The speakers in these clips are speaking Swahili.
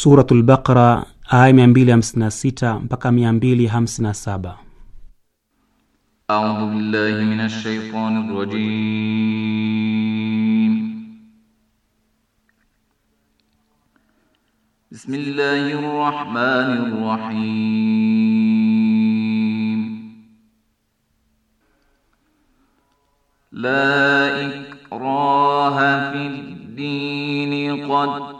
Suratul Baqara aya 256 mpaka 257. A'udhu billahi minash shaitani rajim. Bismillahir Rahmanir Rahim. La ikraha fid din qad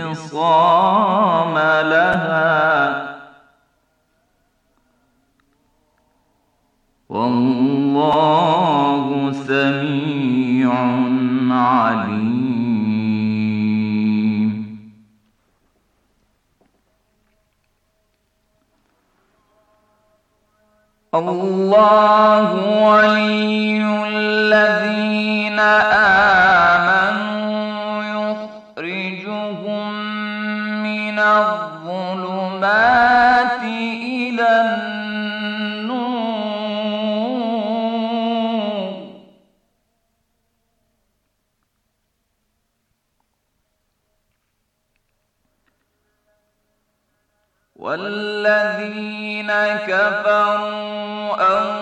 فصام لها والله سميع عليم الله ولي الذين آمنوا الظلمات إلى النور والذين كفروا أو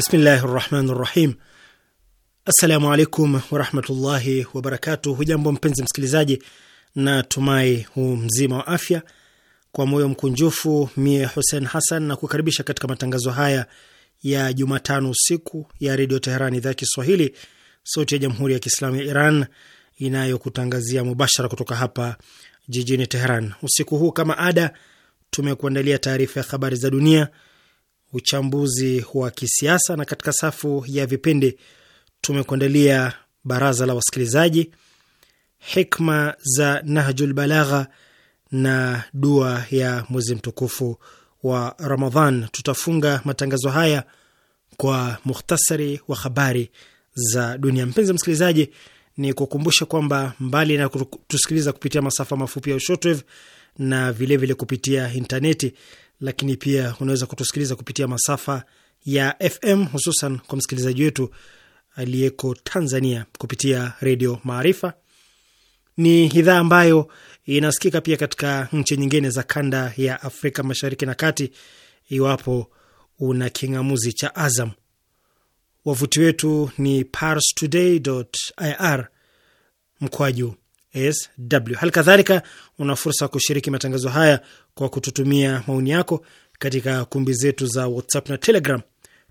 Bismillahi rahmani rahim. Assalamu alaikum warahmatullahi wabarakatuh. Hujambo mpenzi msikilizaji, na tumai hu mzima wa afya. Kwa moyo mkunjufu, mie Hussein Hassan na kukaribisha katika matangazo haya ya Jumatano usiku ya Redio Teheran, idhaa ya Kiswahili, sauti ya Jamhuri ya Kiislamu ya Iran inayokutangazia mubashara kutoka hapa jijini Teheran. Usiku huu kama ada, tumekuandalia taarifa ya habari za dunia uchambuzi wa kisiasa, na katika safu ya vipindi tumekuandalia baraza la wasikilizaji, hikma za Nahjul Balagha na dua ya mwezi mtukufu wa Ramadhan. Tutafunga matangazo haya kwa mukhtasari wa habari za dunia. Mpenzi msikilizaji, ni kukumbusha kwamba mbali na kutusikiliza kupitia masafa mafupi ya shortwave na vilevile vile kupitia intaneti, lakini pia unaweza kutusikiliza kupitia masafa ya FM hususan kwa msikilizaji wetu aliyeko Tanzania kupitia Redio Maarifa. Ni idhaa ambayo inasikika pia katika nchi nyingine za kanda ya Afrika Mashariki na Kati, iwapo una king'amuzi cha Azam. Wavuti wetu ni parstoday.ir mkwaju sw. Hali kadhalika una fursa ya kushiriki matangazo haya kwa kututumia maoni yako katika kumbi zetu za WhatsApp na Telegram.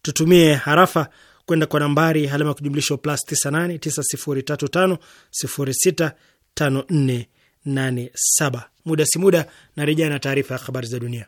Tutumie harafa kwenda kwa nambari alama ya kujumlisha plus 989035065487. Muda si muda na rejea na taarifa ya habari za dunia.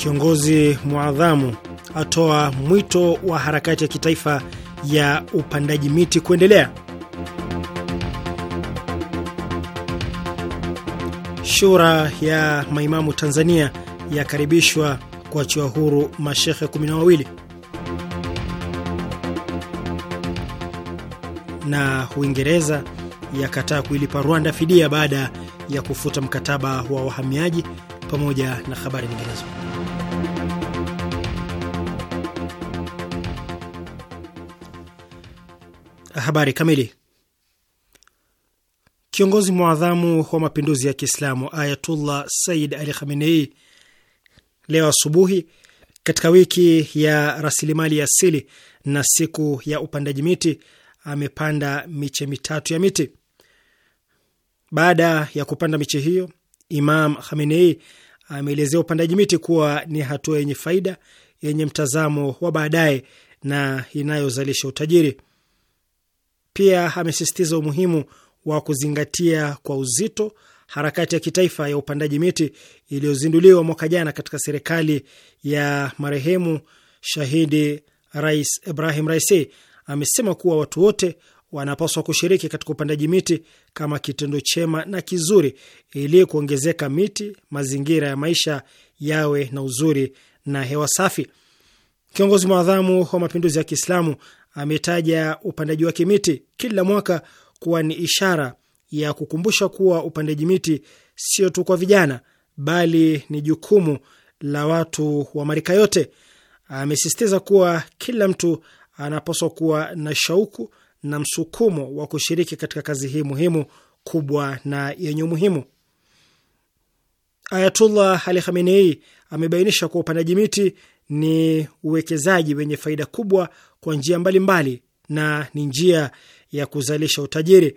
Kiongozi mwadhamu atoa mwito wa harakati ya kitaifa ya upandaji miti kuendelea. Shura ya maimamu Tanzania yakaribishwa kuachiwa huru mashehe kumi na wawili. Na Uingereza yakataa kuilipa Rwanda fidia baada ya kufuta mkataba wa wahamiaji, pamoja na habari nyinginezo. Habari kamili. Kiongozi mwadhamu wa mapinduzi ya Kiislamu Ayatullah Sayyid Ali Khamenei leo asubuhi katika wiki ya rasilimali asili na siku ya upandaji miti amepanda miche mitatu ya miti. Baada ya kupanda miche hiyo, Imam Khamenei ameelezea upandaji miti kuwa ni hatua yenye faida yenye mtazamo wa baadaye na inayozalisha utajiri. Pia amesisitiza umuhimu wa kuzingatia kwa uzito harakati ya kitaifa ya upandaji miti iliyozinduliwa mwaka jana katika serikali ya marehemu shahidi Rais Ibrahim Raisi. Amesema kuwa watu wote wanapaswa kushiriki katika upandaji miti kama kitendo chema na kizuri, ili kuongezeka miti, mazingira ya maisha yawe na uzuri na hewa safi. Kiongozi mwadhamu wa mapinduzi ya Kiislamu ametaja upandaji wake miti kila mwaka kuwa ni ishara ya kukumbusha kuwa upandaji miti sio tu kwa vijana, bali ni jukumu la watu wa marika yote. Amesisitiza kuwa kila mtu anapaswa kuwa na shauku na msukumo wa kushiriki katika kazi hii muhimu kubwa na yenye umuhimu. Ayatullah Ali Khamenei amebainisha kuwa upandaji miti ni uwekezaji wenye faida kubwa kwa njia mbalimbali na ni njia ya kuzalisha utajiri.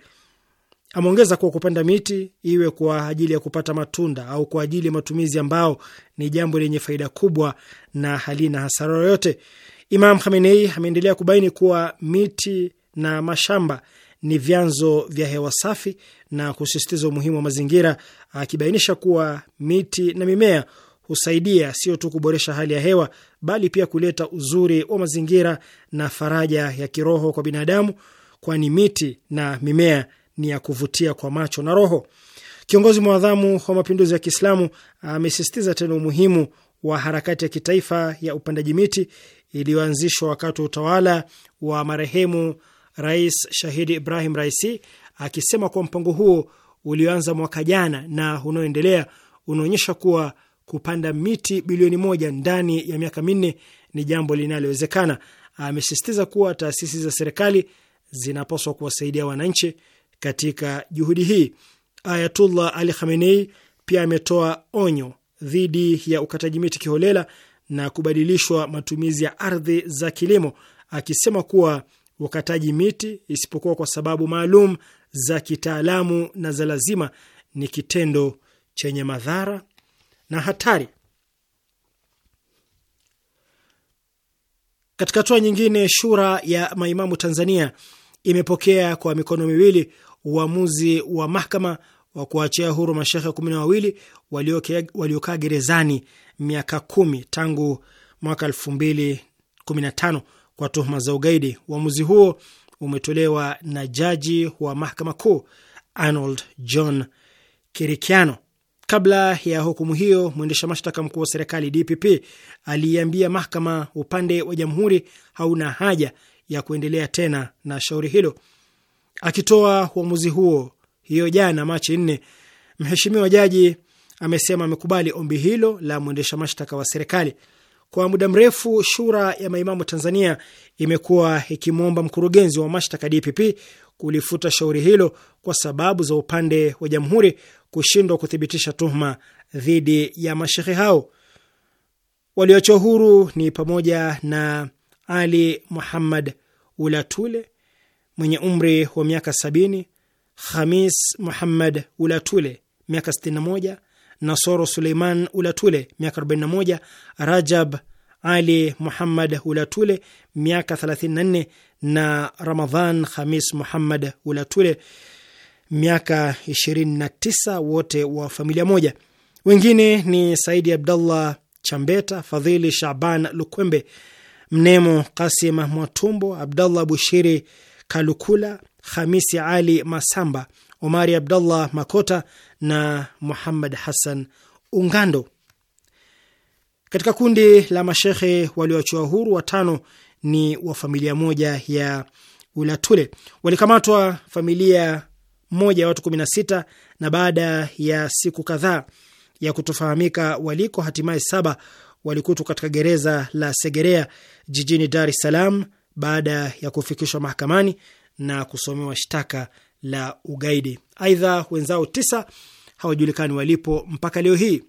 Ameongeza kuwa kupanda miti iwe kwa ajili ya kupata matunda au kwa ajili ya matumizi ambao ni jambo lenye faida kubwa na halina hasara yoyote. Imam Khamenei ameendelea kubaini kuwa miti na mashamba ni vyanzo vya hewa safi na kusisitiza umuhimu wa mazingira, akibainisha kuwa miti na mimea husaidia sio tu kuboresha hali ya hewa bali pia kuleta uzuri wa mazingira na faraja ya kiroho kwa binadamu, kwani miti na mimea ni ya kuvutia kwa macho na roho. Kiongozi mwadhamu wa mapinduzi ya Kiislamu amesisitiza tena umuhimu wa harakati ya kitaifa ya upandaji miti iliyoanzishwa wakati wa utawala wa marehemu Rais Shahidi Ibrahim Raisi, akisema kuwa mpango huo ulioanza mwaka jana na unaoendelea unaonyesha kuwa kupanda miti bilioni moja ndani ya miaka minne ni jambo linalowezekana. Amesisitiza kuwa taasisi za serikali zinapaswa kuwasaidia wananchi katika juhudi hii. Ayatullah Ali Khamenei pia ametoa onyo dhidi ya ukataji miti kiholela na kubadilishwa matumizi ya ardhi za kilimo, akisema kuwa ukataji miti, isipokuwa kwa sababu maalum za kitaalamu na za lazima, ni kitendo chenye madhara na hatari. Katika hatua nyingine, Shura ya Maimamu Tanzania imepokea kwa mikono miwili uamuzi wa mahakama wa kuachia huru mashehe kumi na wawili waliokaa gerezani miaka kumi tangu mwaka elfu mbili kumi na tano kwa tuhuma za ugaidi. Uamuzi huo umetolewa na jaji wa mahakama kuu Arnold John Kirikiano. Kabla ya hukumu hiyo, mwendesha mashtaka mkuu wa serikali DPP aliiambia mahakama upande wa jamhuri hauna haja ya kuendelea tena na shauri hilo. Akitoa uamuzi huo hiyo jana Machi nne, mheshimiwa jaji amesema amekubali ombi hilo la mwendesha mashtaka wa serikali. Kwa muda mrefu Shura ya Maimamu Tanzania imekuwa ikimwomba mkurugenzi wa mashtaka DPP kulifuta shauri hilo kwa sababu za upande wa jamhuri kushindwa kuthibitisha tuhuma dhidi ya mashehe hao. Walioachwa huru ni pamoja na Ali Muhammad Ulatule mwenye umri wa miaka sabini, Khamis Muhammad Ulatule miaka na moja Nasoro Suleiman Ulatule miaka arobaini na moja Rajab Ali Muhammad Ulatule miaka nne na Ramadhan Khamis Muhammad Ulatule miaka 29 wote wa familia moja. Wengine ni Saidi Abdallah Chambeta, Fadhili Shaban Lukwembe, Mnemo Kasim Mwatumbo, Abdallah Bushiri Kalukula, Hamisi Ali Masamba, Omari Abdallah Makota na Muhammad Hassan Ungando. Katika kundi la mashehe walioachiwa huru watano ni wa familia moja ya Ulatule. Walikamatwa familia moja ya watu 16 na baada ya siku kadhaa ya kutofahamika waliko, hatimaye saba walikutwa katika gereza la Segerea jijini Dar es Salaam baada ya kufikishwa mahakamani na kusomewa shtaka la ugaidi. Aidha, wenzao tisa hawajulikani walipo mpaka leo hii.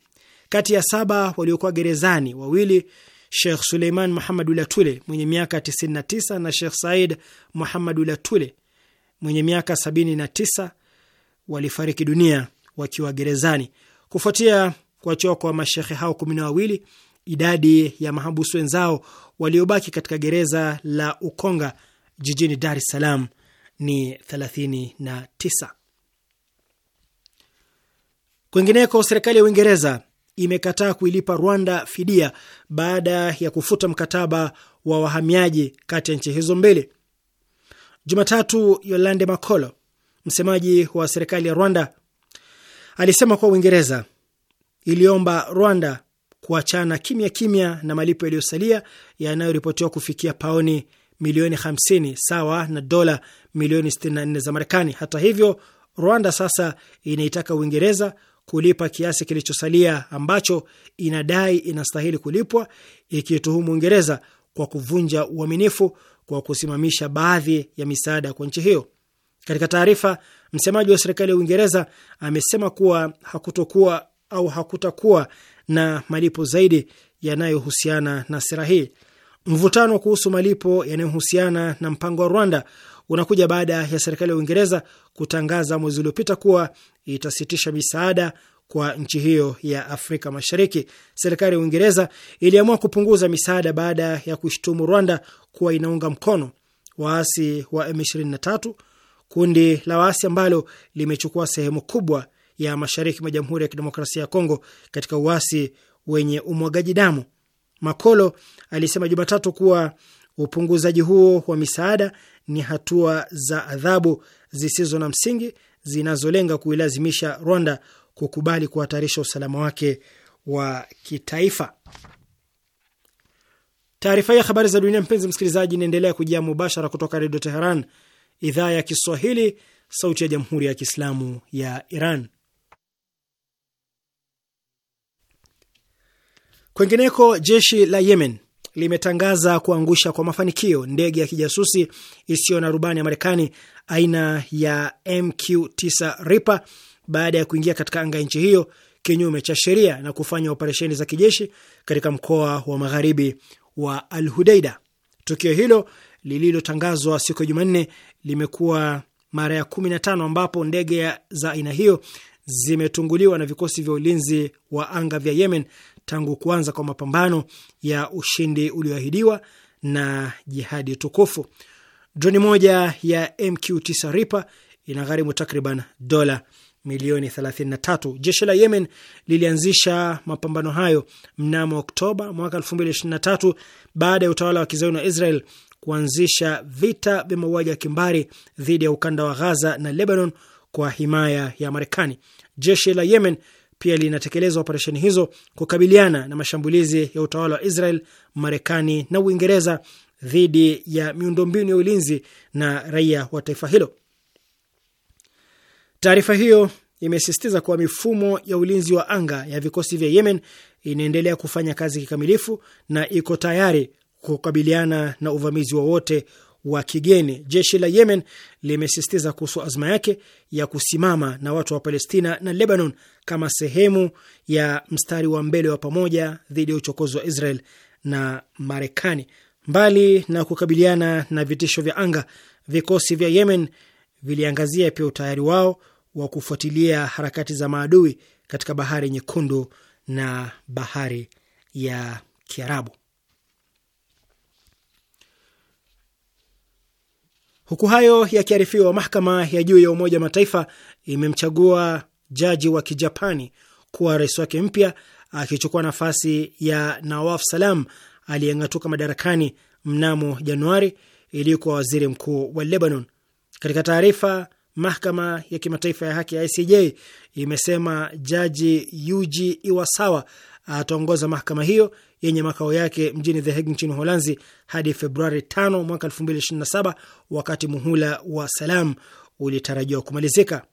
Kati ya saba waliokuwa gerezani, wawili Shekh Suleiman Muhammad Ulatule mwenye miaka 99 na Shekh Said Muhammad Ulatule mwenye miaka 79 walifariki dunia wakiwa gerezani kufuatia kuachiwa kwa mashehe hao kumi na wawili. Idadi ya mahabusu wenzao waliobaki katika gereza la Ukonga jijini Dar es Salaam ni 39. Kwingineko, serikali ya Uingereza imekataa kuilipa Rwanda fidia baada ya kufuta mkataba wa wahamiaji kati ya nchi hizo mbili. Jumatatu, Yolande Makolo, msemaji wa serikali ya Rwanda, alisema kuwa Uingereza iliomba Rwanda kuachana kimya kimya na malipo yaliyosalia yanayoripotiwa kufikia paoni milioni 50 sawa na dola milioni 64 za Marekani. Hata hivyo, Rwanda sasa inaitaka Uingereza kulipa kiasi kilichosalia ambacho inadai inastahili kulipwa, ikituhumu Uingereza kwa kuvunja uaminifu kwa kusimamisha baadhi ya misaada kwa nchi hiyo. Katika taarifa, msemaji wa serikali ya Uingereza amesema kuwa hakutokuwa au hakutakuwa na malipo zaidi yanayohusiana na sera hii. Mvutano kuhusu malipo yanayohusiana na mpango wa Rwanda unakuja baada ya serikali ya Uingereza kutangaza mwezi uliopita kuwa itasitisha misaada kwa nchi hiyo ya Afrika Mashariki. Serikali ya Uingereza iliamua kupunguza misaada baada ya kushtumu Rwanda kuwa inaunga mkono waasi wa M23, kundi la waasi ambalo limechukua sehemu kubwa ya mashariki mwa Jamhuri ya Kidemokrasia ya Kongo katika uasi wenye umwagaji damu. Makolo alisema Jumatatu kuwa upunguzaji huo wa misaada ni hatua za adhabu zisizo na msingi zinazolenga kuilazimisha Rwanda kukubali kuhatarisha usalama wake wa kitaifa. Taarifa hii ya habari za dunia, mpenzi msikilizaji, inaendelea kujia mubashara kutoka Redio Teheran, idhaa ya Kiswahili, sauti ya jamhuri ya kiislamu ya Iran. Kwengineko, jeshi la Yemen limetangaza kuangusha kwa mafanikio ndege ya kijasusi isiyo na rubani ya Marekani aina ya MQ9 Reaper baada ya kuingia katika anga ya nchi hiyo kinyume cha sheria na kufanya operesheni za kijeshi katika mkoa wa magharibi wa Al Hudaida. Tukio hilo lililotangazwa siku ya Jumanne limekuwa mara ya kumi na tano ambapo ndege za aina hiyo zimetunguliwa na vikosi vya ulinzi wa anga vya Yemen tangu kuanza kwa mapambano ya ushindi ulioahidiwa na jihadi tukufu. Droni moja ya MQ-9 Reaper inagharimu takriban dola milioni 33. Jeshi la Yemen lilianzisha mapambano hayo mnamo Oktoba mwaka 2023 baada ya utawala wa kizayuni wa Israel kuanzisha vita vya mauaji ya kimbari dhidi ya ukanda wa Ghaza na Lebanon kwa himaya ya Marekani. Jeshi la Yemen pia linatekeleza operesheni hizo kukabiliana na mashambulizi ya utawala wa Israel, Marekani na Uingereza dhidi ya miundombinu ya ulinzi na raia wa taifa hilo. Taarifa hiyo imesisitiza kuwa mifumo ya ulinzi wa anga ya vikosi vya Yemen inaendelea kufanya kazi kikamilifu na iko tayari kukabiliana na uvamizi wowote wa, wa kigeni. Jeshi la Yemen limesisitiza kuhusu azma yake ya kusimama na watu wa Palestina na Lebanon kama sehemu ya mstari wa mbele wa pamoja dhidi ya uchokozi wa Israel na Marekani. Mbali na kukabiliana na vitisho vya anga, vikosi vya Yemen viliangazia pia utayari wao wa kufuatilia harakati za maadui katika bahari nyekundu na bahari ya Kiarabu. Huku hayo yakiarifiwa, mahakama ya juu ya Umoja wa Mataifa imemchagua jaji wa Kijapani kuwa rais wake mpya akichukua nafasi ya Nawaf Salam aliyeng'atuka madarakani mnamo Januari, iliyokuwa waziri mkuu wa Lebanon. Katika taarifa Mahakama ya Kimataifa ya Haki ya ICJ imesema Jaji Yuji Iwasawa ataongoza mahakama hiyo yenye makao yake mjini The Hague nchini Uholanzi hadi Februari 5 mwaka 2027 wakati muhula wa Salam ulitarajiwa kumalizika.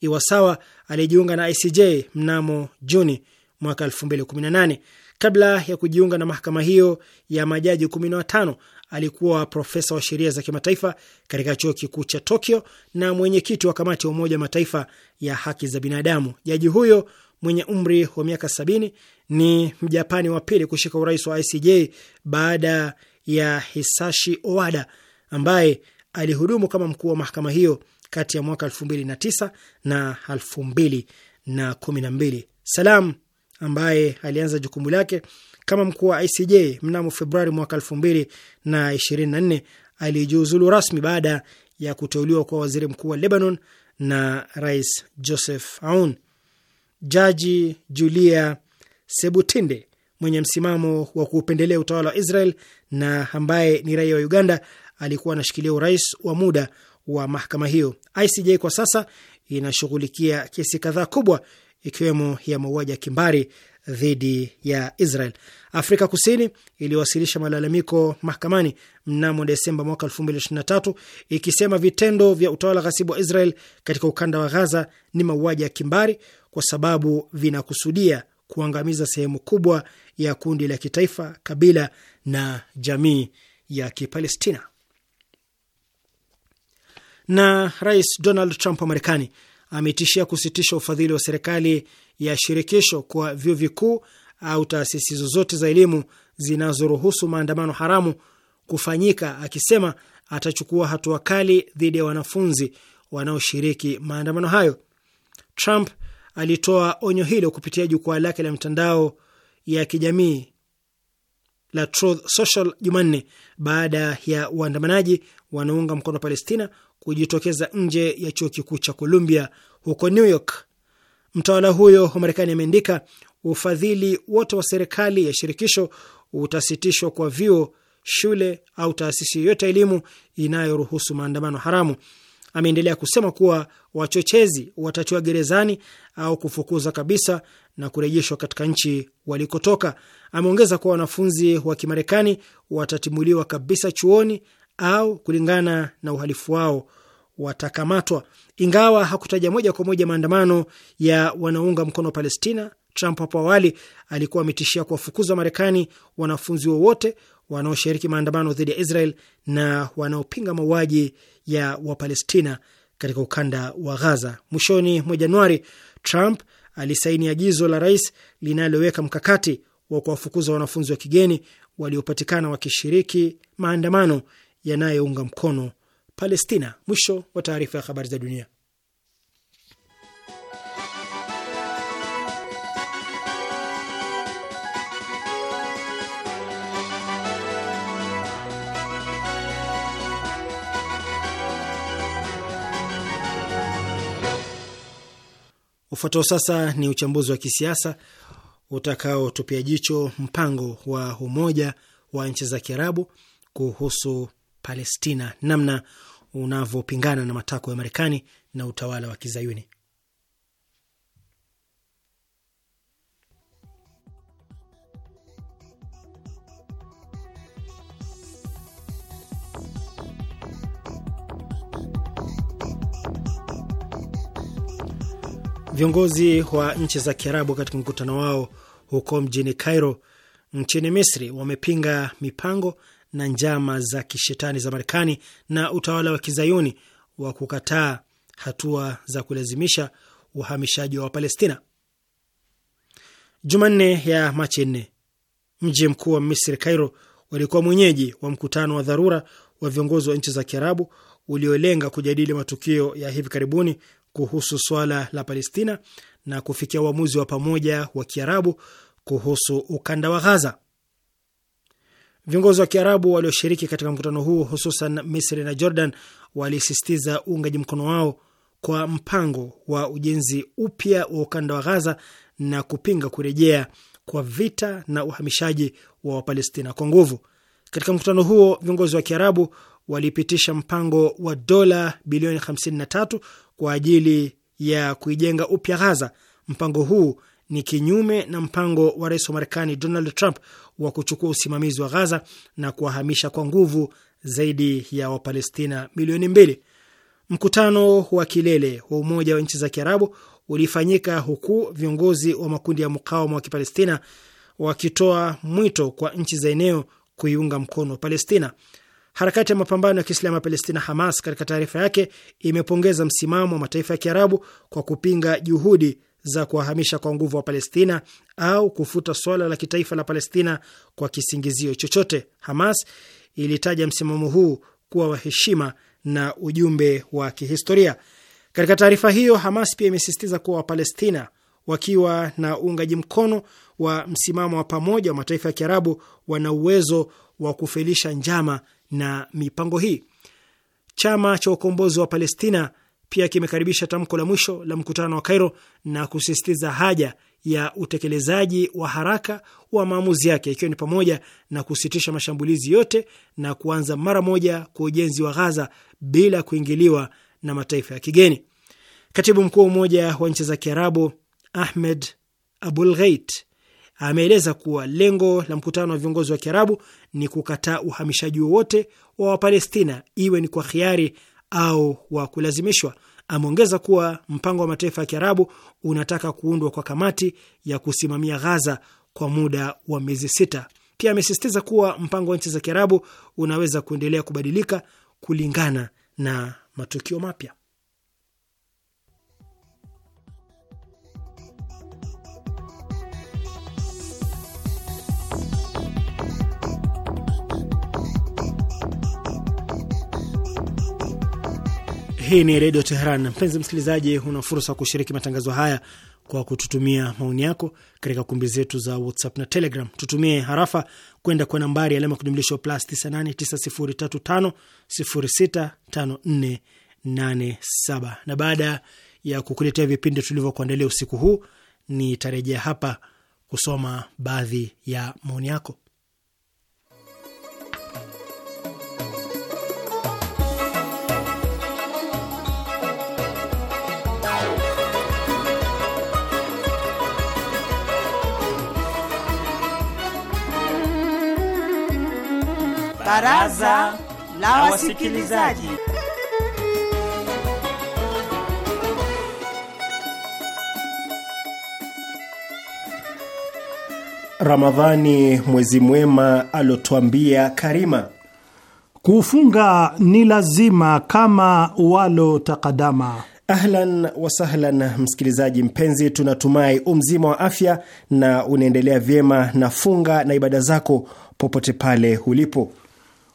Iwasawa alijiunga na ICJ mnamo Juni mwaka 2018. Kabla ya kujiunga na mahakama hiyo ya majaji 15, alikuwa profesa wa sheria za kimataifa katika chuo kikuu cha Tokyo na mwenyekiti wa kamati ya Umoja Mataifa ya haki za binadamu. Jaji huyo mwenye umri wa miaka sabini ni Mjapani wa pili kushika urais wa ICJ baada ya Hisashi Oada ambaye alihudumu kama mkuu wa mahakama hiyo kati ya mwaka elfu mbili na tisa na elfu mbili na kumi na mbili. Salam ambaye alianza jukumu lake kama mkuu wa ICJ mnamo Februari mwaka 2024 alijiuzulu rasmi baada ya kuteuliwa kwa waziri mkuu wa Lebanon na Rais Joseph Aoun. Jaji Julia Sebutinde mwenye msimamo wa kuupendelea utawala wa Israel na ambaye ni raia wa Uganda alikuwa anashikilia urais wa muda wa mahakama hiyo. ICJ kwa sasa inashughulikia kesi kadhaa kubwa ikiwemo ya mauaji ya kimbari dhidi ya Israel. Afrika Kusini iliwasilisha malalamiko mahakamani mnamo Desemba mwaka 2023 ikisema vitendo vya utawala ghasibu wa Israel katika ukanda wa Ghaza ni mauaji ya kimbari kwa sababu vinakusudia kuangamiza sehemu kubwa ya kundi la kitaifa, kabila na jamii ya Kipalestina. Na Rais Donald Trump wa Marekani ametishia kusitisha ufadhili wa serikali ya shirikisho kwa vyuo vikuu au taasisi zozote za elimu zinazoruhusu maandamano haramu kufanyika, akisema atachukua hatua kali dhidi ya wanafunzi wanaoshiriki maandamano hayo. Trump alitoa onyo hilo kupitia jukwaa lake la mtandao ya kijamii la Truth Social Jumanne baada ya waandamanaji wanaounga mkono Palestina kujitokeza nje ya chuo kikuu cha Columbia huko New York. Mtawala huyo wa Marekani ameandika, ufadhili wote wa serikali ya shirikisho utasitishwa kwa vyuo, shule au taasisi yoyote ya elimu inayoruhusu maandamano haramu. Ameendelea kusema kuwa wachochezi watatiwa gerezani au kufukuzwa kabisa na kurejeshwa katika nchi walikotoka. Ameongeza kuwa wanafunzi wa Kimarekani watatimuliwa kabisa chuoni au kulingana na uhalifu wao watakamatwa. Ingawa hakutaja moja kwa moja maandamano ya wanaunga mkono Palestina, Trump hapo awali alikuwa ametishia kuwafukuza Marekani wanafunzi wowote wanaoshiriki maandamano dhidi ya Israel na wanaopinga mauaji ya Wapalestina katika ukanda wa Gaza. Mwishoni mwa Januari, Trump alisaini agizo la rais linaloweka mkakati wa kuwafukuza wanafunzi wa kigeni waliopatikana wakishiriki maandamano yanayounga mkono Palestina. Mwisho wa taarifa ya habari za dunia. Ufuatao sasa ni uchambuzi wa kisiasa utakaotupia jicho mpango wa Umoja wa Nchi za Kiarabu kuhusu Palestina, namna unavyopingana na matakwa ya Marekani na utawala wa Kizayuni. Viongozi wa nchi za Kiarabu katika mkutano wao huko mjini Cairo nchini Misri wamepinga mipango na njama za kishetani za Marekani na utawala wa kizayuni wa kukataa hatua za kulazimisha uhamishaji wa Wapalestina. Jumanne ya Machi nne, mji mkuu wa Misri, Cairo, walikuwa mwenyeji wa mkutano wa dharura wa viongozi wa nchi za Kiarabu uliolenga kujadili matukio ya hivi karibuni kuhusu swala la Palestina na kufikia uamuzi wa pamoja wa Kiarabu kuhusu ukanda wa Ghaza. Viongozi wa Kiarabu walioshiriki katika mkutano huo, hususan Misri na Jordan, walisisitiza uungaji mkono wao kwa mpango wa ujenzi upya wa ukanda wa Ghaza na kupinga kurejea kwa vita na uhamishaji wa Wapalestina kwa nguvu. Katika mkutano huo, viongozi wa Kiarabu walipitisha mpango wa dola bilioni 53 kwa ajili ya kuijenga upya Ghaza. Mpango huu ni kinyume na mpango wa rais wa Marekani Donald Trump wa kuchukua usimamizi wa Ghaza na kuwahamisha kwa nguvu zaidi ya Wapalestina milioni mbili. Mkutano wa kilele wa Umoja wa Nchi za Kiarabu ulifanyika huku viongozi wa makundi ya mukawama wa Kipalestina wakitoa mwito kwa nchi za eneo kuiunga mkono Palestina. Harakati ya mapambano ya Kiislamu ya Palestina, Hamas, katika taarifa yake imepongeza msimamo wa mataifa ya Kiarabu kwa kupinga juhudi za kuwahamisha kwa nguvu wa Palestina au kufuta swala la kitaifa la Palestina kwa kisingizio chochote. Hamas ilitaja msimamo huu kuwa wa heshima na ujumbe wa kihistoria. Katika taarifa hiyo, Hamas pia imesisitiza kuwa Wapalestina wakiwa na uungaji mkono wa msimamo wa pamoja wa mataifa ya Kiarabu wana uwezo wa kufelisha njama na mipango hii. Chama cha ukombozi wa Palestina pia kimekaribisha tamko la mwisho la mkutano wa Cairo na kusisitiza haja ya utekelezaji wa haraka wa maamuzi yake ikiwa ni pamoja na kusitisha mashambulizi yote na kuanza mara moja kwa ujenzi wa Ghaza bila kuingiliwa na mataifa ya kigeni. Katibu mkuu wa Umoja wa Nchi za Kiarabu Ahmed Abul ameeleza kuwa lengo la mkutano wa viongozi wa Kiarabu ni kukataa uhamishaji wowote wa Wapalestina, iwe ni kwa khiari au wa kulazimishwa. Ameongeza kuwa mpango wa mataifa ya Kiarabu unataka kuundwa kwa kamati ya kusimamia Ghaza kwa muda wa miezi sita. Pia amesisitiza kuwa mpango wa nchi za Kiarabu unaweza kuendelea kubadilika kulingana na matukio mapya. Hii ni Redio Teheran. Mpenzi msikilizaji, una fursa kushiriki matangazo haya kwa kututumia maoni yako katika kumbi zetu za WhatsApp na Telegram. Tutumie harafa kwenda kwa nambari alama kujumlisha plus 989035065487 na baada ya kukuletea vipindi tulivyokuandalia usiku huu, nitarejea hapa kusoma baadhi ya maoni yako. Baraza la Wasikilizaji. Ramadhani mwezi mwema alotwambia Karima, kufunga ni lazima kama walo takadama. Ahlan wasahlan, msikilizaji mpenzi, tunatumai umzima wa afya na unaendelea vyema na funga na ibada zako popote pale ulipo.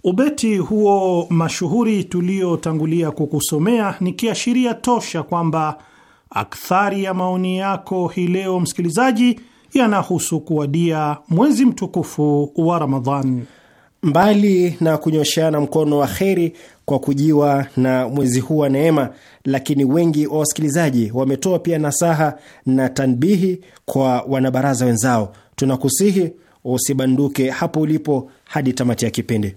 Ubeti huo mashuhuri tuliotangulia kukusomea ni kiashiria tosha kwamba akthari ya maoni yako hii leo, msikilizaji, yanahusu kuwadia mwezi mtukufu wa Ramadhan. Mbali na kunyosheana mkono wa kheri kwa kujiwa na mwezi huu wa neema, lakini wengi wa wasikilizaji wametoa pia nasaha na tanbihi kwa wanabaraza wenzao. Tunakusihi usibanduke hapo ulipo hadi tamati ya kipindi.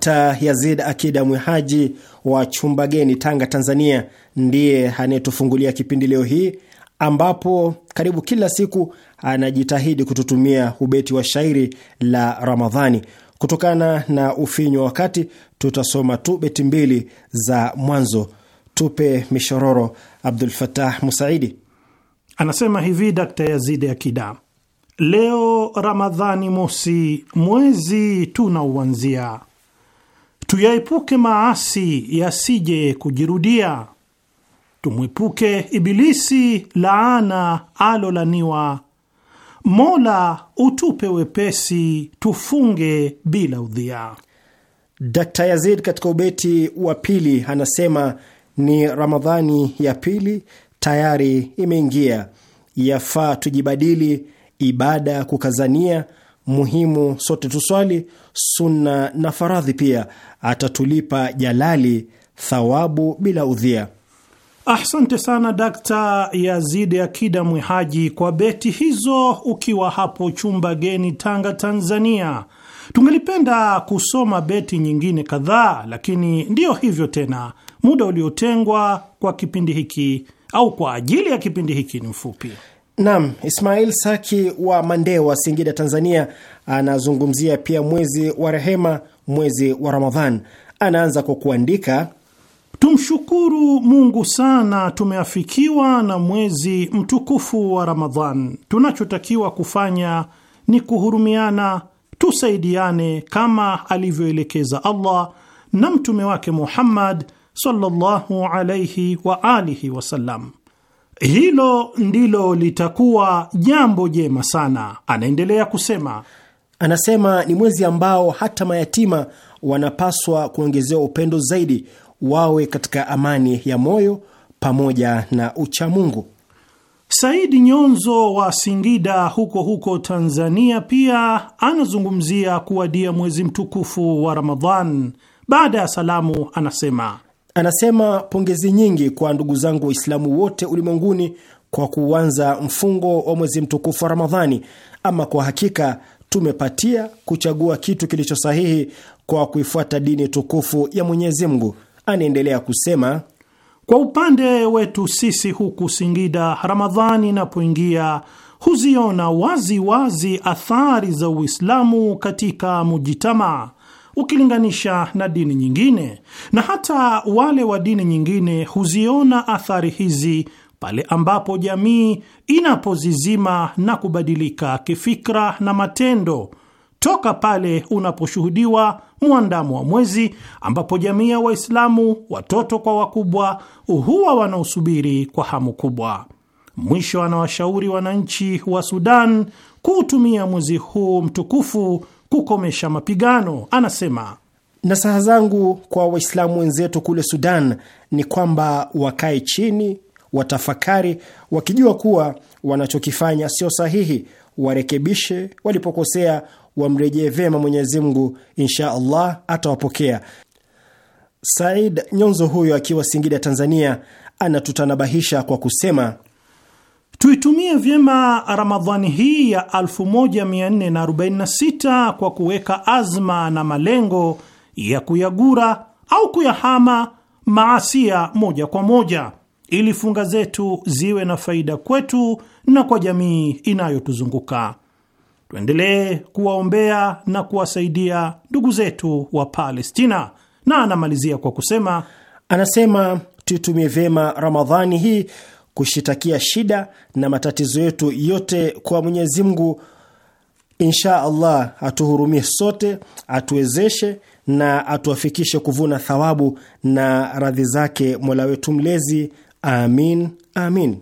Dr. Yazid Akida Mwehaji wa chumba geni Tanga, Tanzania, ndiye anayetufungulia kipindi leo hii ambapo karibu kila siku anajitahidi kututumia ubeti wa shairi la Ramadhani. Kutokana na ufinyu wa wakati, tutasoma tu beti mbili za mwanzo. Tupe mishororo. Abdul Fatah Musaidi anasema hivi: Dakta yazid Akida, leo Ramadhani mosi, mwezi tunauanzia tuyaepuke maasi yasije kujirudia, tumwepuke Ibilisi laana alolaniwa. Mola utupe wepesi, tufunge bila udhia. Dr Yazid katika ubeti wa pili anasema ni Ramadhani ya pili tayari imeingia, yafaa tujibadili ibada kukazania muhimu sote tuswali sunna na faradhi pia, atatulipa jalali thawabu bila udhia. Ahsante sana Dakta Yazidi Akida Mwihaji kwa beti hizo, ukiwa hapo chumba geni Tanga, Tanzania. Tungelipenda kusoma beti nyingine kadhaa, lakini ndiyo hivyo tena, muda uliotengwa kwa kipindi hiki au kwa ajili ya kipindi hiki ni mfupi. Naam, Ismail Saki wa Mandewa, Singida, Tanzania, anazungumzia pia mwezi wa rehema, mwezi wa Ramadhan. Anaanza kwa kuandika Tumshukuru Mungu sana, tumeafikiwa na mwezi mtukufu wa Ramadhan. Tunachotakiwa kufanya ni kuhurumiana, tusaidiane kama alivyoelekeza Allah na mtume wake Muhammad sallallahu alaihi wa alihi wasallam. Hilo ndilo litakuwa jambo jema sana. Anaendelea kusema, anasema ni mwezi ambao hata mayatima wanapaswa kuongezewa upendo zaidi, wawe katika amani ya moyo pamoja na uchamungu. Saidi Nyonzo wa Singida huko huko Tanzania pia anazungumzia kuwadia mwezi mtukufu wa Ramadhan. Baada ya salamu, anasema Anasema pongezi nyingi kwa ndugu zangu Waislamu wote ulimwenguni kwa kuanza mfungo wa mwezi mtukufu wa Ramadhani. Ama kwa hakika tumepatia kuchagua kitu kilicho sahihi kwa kuifuata dini tukufu ya Mwenyezi Mungu. Anaendelea kusema, kwa upande wetu sisi huku Singida, Ramadhani inapoingia huziona wazi wazi athari za Uislamu katika mujitamaa ukilinganisha na dini nyingine, na hata wale wa dini nyingine huziona athari hizi pale ambapo jamii inapozizima na kubadilika kifikra na matendo toka pale unaposhuhudiwa mwandamo wa mwezi ambapo jamii ya Waislamu watoto kwa wakubwa huwa wanaosubiri kwa hamu kubwa. Mwisho, anawashauri wananchi wa Sudan kuutumia mwezi huu mtukufu kukomesha mapigano. Anasema nasaha zangu kwa Waislamu wenzetu kule Sudan ni kwamba wakae chini, watafakari, wakijua kuwa wanachokifanya sio sahihi, warekebishe walipokosea, wamrejee vyema Mwenyezi Mungu, insha Allah atawapokea. Said Nyonzo huyo akiwa Singida, Tanzania, anatutanabahisha kwa kusema Tuitumie vyema Ramadhani hii ya 1446 kwa kuweka azma na malengo ya kuyagura au kuyahama maasia moja kwa moja, ili funga zetu ziwe na faida kwetu na kwa jamii inayotuzunguka. Tuendelee kuwaombea na kuwasaidia ndugu zetu wa Palestina. Na anamalizia kwa kusema, anasema tuitumie vyema Ramadhani hii kushitakia shida na matatizo yetu yote kwa Mwenyezi Mungu. Insha Allah atuhurumie sote, atuwezeshe na atuafikishe kuvuna thawabu na radhi zake Mola wetu mlezi. Amin, amin.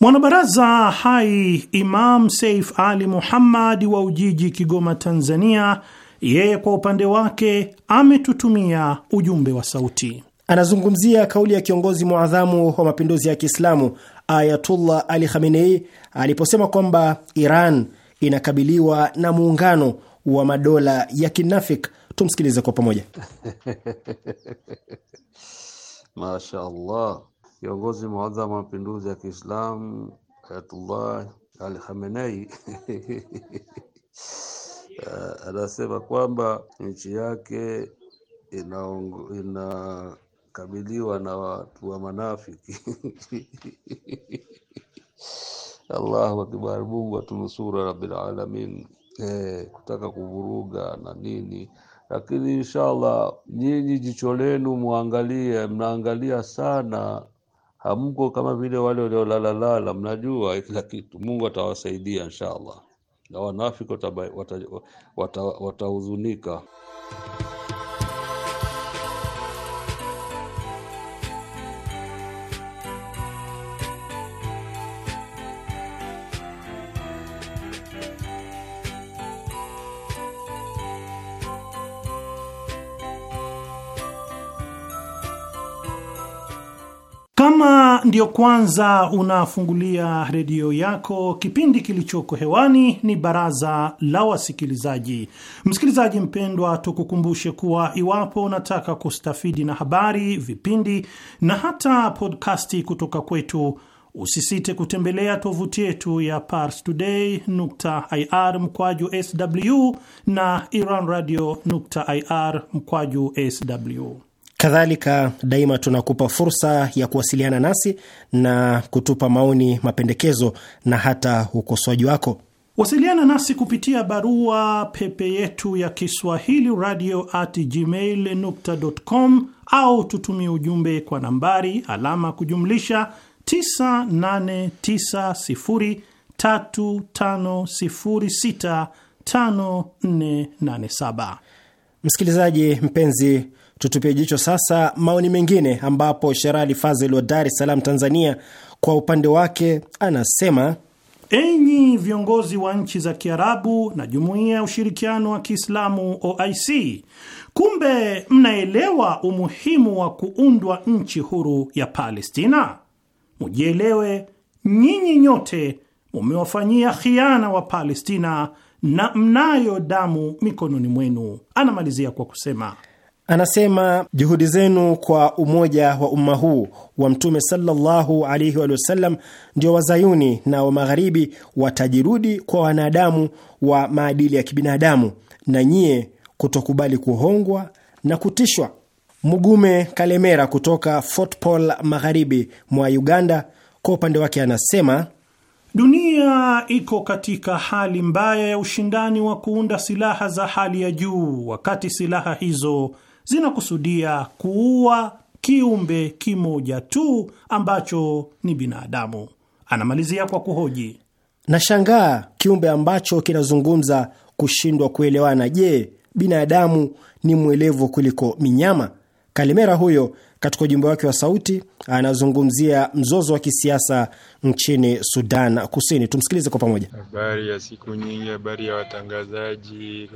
Mwanabaraza hai Imam Seif Ali Muhammad wa Ujiji, Kigoma, Tanzania, yeye kwa upande wake ametutumia ujumbe wa sauti. Anazungumzia kauli ya kiongozi mwadhamu wa mapinduzi ya Kiislamu Ayatullah Ali Khamenei aliposema kwamba Iran inakabiliwa na muungano wa madola ya kinafik. Tumsikilize kwa pamoja. Mashaallah, kiongozi mwadhamu wa mapinduzi ya Kiislamu Ayatullah Ali Khamenei eh, anasema kwamba nchi yake ina, ina kabiliwa na watu wa manafiki Allahu akbar, Mungu atunusura rabbil alamin. Eh, kutaka kuvuruga na nini, lakini inshallah nyinyi jicho lenu muangalie, mnaangalia sana, hamko kama vile wale waliolalalala, mnajua kila kitu. Mungu atawasaidia inshallah, na wanafiki watahuzunika wata, wata ndio kwanza unafungulia redio yako, kipindi kilichoko hewani ni baraza la wasikilizaji. Msikilizaji mpendwa, tukukumbushe kuwa iwapo unataka kustafidi na habari, vipindi na hata podkasti kutoka kwetu, usisite kutembelea tovuti yetu ya parstoday.ir mkwaju sw na iranradio.ir mkwaju sw. Kadhalika, daima tunakupa fursa ya kuwasiliana nasi na kutupa maoni, mapendekezo na hata ukosoaji wako. Wasiliana nasi kupitia barua pepe yetu ya Kiswahili radio at gmail com au tutumie ujumbe kwa nambari alama kujumlisha 989035065487. Msikilizaji mpenzi Tutupie jicho sasa maoni mengine, ambapo Sherali Fazil wa Dar es Salaam, Tanzania, kwa upande wake anasema Enyi viongozi wa nchi za Kiarabu na Jumuiya ya Ushirikiano wa Kiislamu OIC, kumbe mnaelewa umuhimu wa kuundwa nchi huru ya Palestina. Mujielewe nyinyi nyote mumewafanyia khiana wa Palestina na mnayo damu mikononi mwenu. Anamalizia kwa kusema Anasema juhudi zenu kwa umoja wa umma huu wa Mtume sallallahu alaihi ndio wazayuni na wa magharibi watajirudi kwa wanadamu wa maadili ya kibinadamu na nyie kutokubali kuhongwa na kutishwa. Mugume Kalemera kutoka Fort Portal magharibi mwa Uganda, kwa upande wake anasema Dunia iko katika hali mbaya ya ushindani wa kuunda silaha za hali ya juu, wakati silaha hizo zinakusudia kuua kiumbe kimoja tu ambacho ni binadamu. Anamalizia kwa kuhoji, nashangaa kiumbe ambacho kinazungumza kushindwa kuelewana. Je, binadamu ni mwelevu kuliko minyama? Kalimera huyo katika ujumbe wake wa sauti anazungumzia mzozo wa kisiasa nchini Sudan Kusini. Tumsikilize kwa pamoja. Habari ya siku nyingi, habari ya watangazaji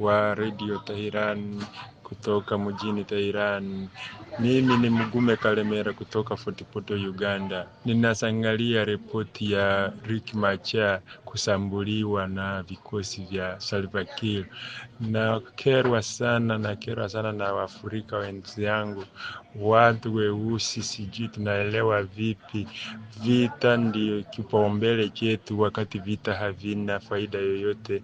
wa redio Teheran kutoka mjini Tehran. Mimi ni Mgume Kalemera kutoka Fort Portal, Uganda. Ninasangalia ripoti ya Rick Machar kusambuliwa na vikosi vya Salva Kiir. Nakerwa sana, nakerwa sana na Waafrika wenzangu, watu weusi, sijui tunaelewa vipi? Vita ndio kipaumbele chetu, wakati vita havina faida yoyote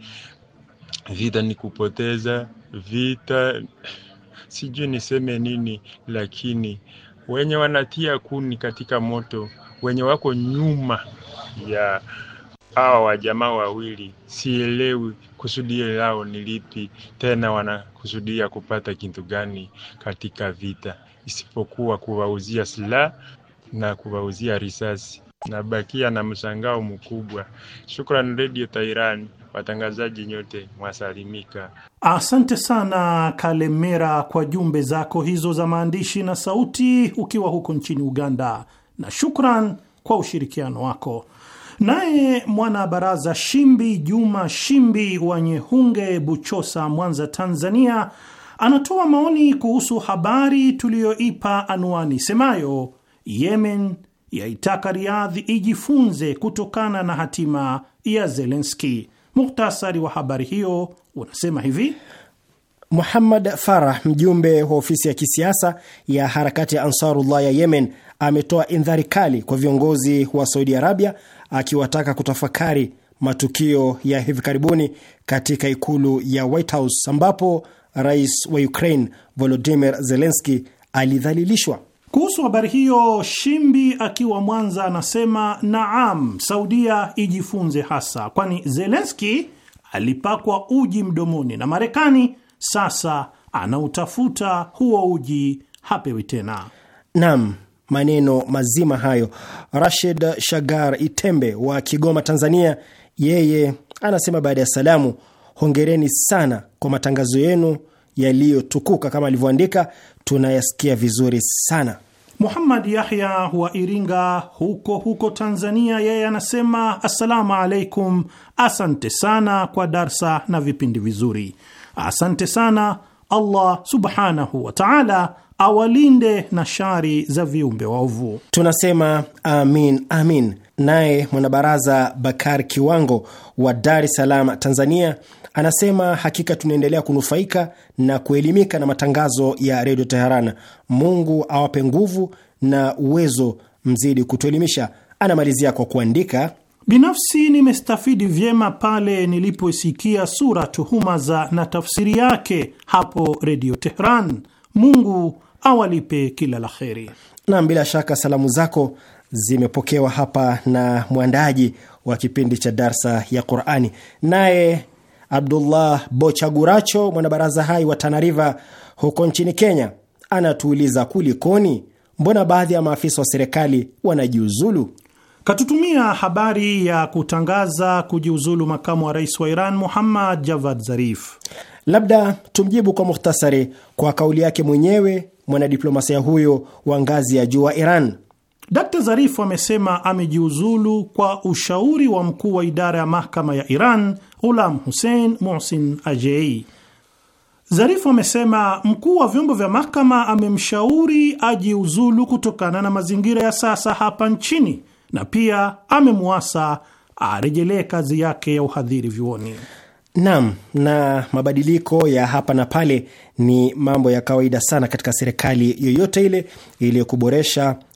vita ni kupoteza vita, sijui niseme nini, lakini wenye wanatia kuni katika moto, wenye wako nyuma ya hawa wajamaa wawili, sielewi kusudia lao ni lipi, tena wanakusudia kupata kitu gani katika vita, isipokuwa kuwauzia silaha na kuwauzia risasi. Nabakia na mshangao mkubwa. Shukran Radio Tairani. Watangazaji nyote mwasalimika. Asante sana Kalemera kwa jumbe zako hizo za maandishi na sauti, ukiwa huko nchini Uganda, na shukran kwa ushirikiano wako. Naye mwana baraza Shimbi Juma Shimbi wa Nyehunge, Buchosa, Mwanza, Tanzania, anatoa maoni kuhusu habari tuliyoipa anwani semayo Yemen yaitaka Riadhi ijifunze kutokana na hatima ya Zelenski. Muhtasari wa habari hiyo unasema hivi: Muhammad Farah, mjumbe wa ofisi ya kisiasa ya harakati ya Ansarullah ya Yemen, ametoa indhari kali kwa viongozi wa Saudi Arabia akiwataka kutafakari matukio ya hivi karibuni katika ikulu ya White House ambapo rais wa Ukraine Volodymyr Zelensky alidhalilishwa. Kuhusu habari hiyo, Shimbi akiwa Mwanza anasema naam, Saudia ijifunze hasa, kwani Zelenski alipakwa uji mdomoni na Marekani, sasa anautafuta huo uji, hapewi tena. Naam, maneno mazima hayo. Rashid Shagar Itembe wa Kigoma, Tanzania, yeye anasema baada ya salamu, hongereni sana kwa matangazo yenu yaliyotukuka kama alivyoandika, tunayasikia vizuri sana. Muhammad Yahya wa Iringa huko huko Tanzania, yeye anasema assalamu alaikum, asante sana kwa darsa na vipindi vizuri, asante sana. Allah subhanahu wa taala awalinde na shari za viumbe waovu. Tunasema amin amin. Naye mwanabaraza Bakar Kiwango wa Dar es Salaam, Tanzania Anasema hakika tunaendelea kunufaika na kuelimika na matangazo ya redio Teheran. Mungu awape nguvu na uwezo, mzidi kutuelimisha. Anamalizia kwa kuandika Binafsi nimestafidi vyema pale nilipoisikia sura tuhuma za na tafsiri yake hapo redio Tehran. Mungu awalipe kila la heri Nam, bila shaka salamu zako zimepokewa hapa na mwandaji wa kipindi cha darsa ya Qurani, naye Abdullah Bochaguracho, mwanabaraza hai wa Tanariva huko nchini Kenya, anatuuliza kulikoni, mbona baadhi ya maafisa wa serikali wanajiuzulu? Katutumia habari ya kutangaza kujiuzulu makamu wa rais wa Iran Muhammad Javad Zarif. Labda tumjibu kwa mukhtasari kwa kauli yake mwenyewe mwanadiplomasia huyo wa ngazi ya juu wa Iran Dkt Zarifu amesema amejiuzulu kwa ushauri wa mkuu wa idara ya mahakama ya Iran Ghulam Hussein Muhsin Ajei. Zarifu amesema mkuu wa vyombo vya mahakama amemshauri ajiuzulu kutokana na mazingira ya sasa hapa nchini na pia amemwasa arejelee kazi yake ya uhadhiri vyuoni. Naam, na mabadiliko ya hapa na pale ni mambo ya kawaida sana katika serikali yoyote ile ili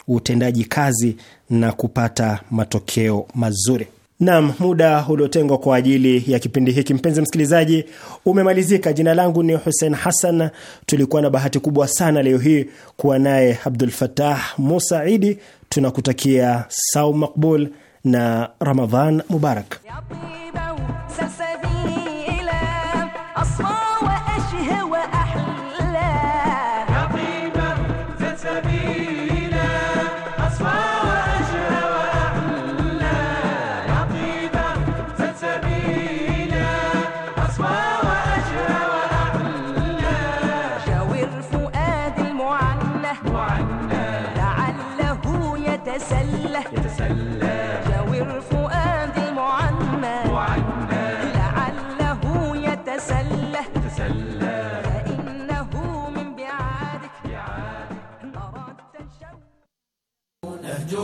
utendaji kazi na kupata matokeo mazuri. Nam, muda uliotengwa kwa ajili ya kipindi hiki, mpenzi msikilizaji, umemalizika. Jina langu ni Hussein Hassan. Tulikuwa na bahati kubwa sana leo hii kuwa naye Abdul Fatah Musa Idi. Tunakutakia saum makbul na Ramadhan mubarak.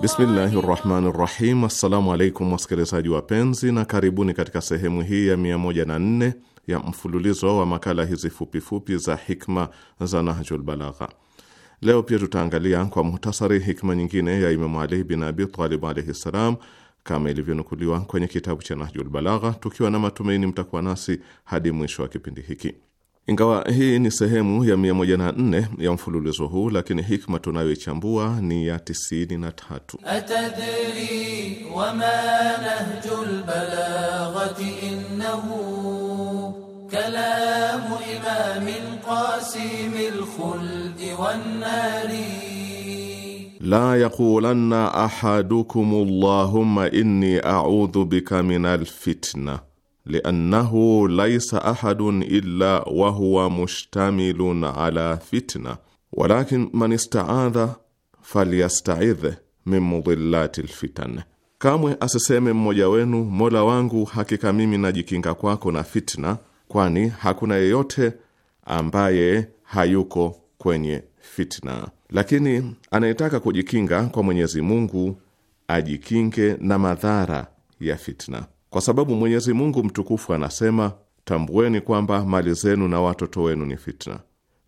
Bismillahi rahmani rahim. Assalamu alaikum wasikilizaji wapenzi, na karibuni katika sehemu hii ya 104 ya mfululizo wa makala hizi fupifupi za hikma za Nahjul Balagha. Leo pia tutaangalia kwa muhtasari hikma nyingine ya Imamu Ali bin Abi Talib alaihi ssalam kama ilivyonukuliwa kwenye kitabu cha Nahjul Balagha, tukiwa na matumaini mtakuwa nasi hadi mwisho wa kipindi hiki. Ingawa hii ni sehemu ya 104 ya mfululizo huu, lakini hikma tunayoichambua ni ya 93. la yaqulanna ahadukum allahumma inni a'udhu bika min alfitna liannahu laisa ahadun illa wahuwa mushtamilun ala fitna walakin man istaadha falyastaidh min mudhillati lfitan, kamwe asiseme mmoja wenu mola wangu, hakika mimi najikinga kwako na fitna, kwani hakuna yeyote ambaye hayuko kwenye fitna. Lakini anayetaka kujikinga kwa Mwenyezi Mungu ajikinge na madhara ya fitna kwa sababu Mwenyezi Mungu mtukufu anasema, tambueni kwamba mali zenu na watoto wenu ni fitna.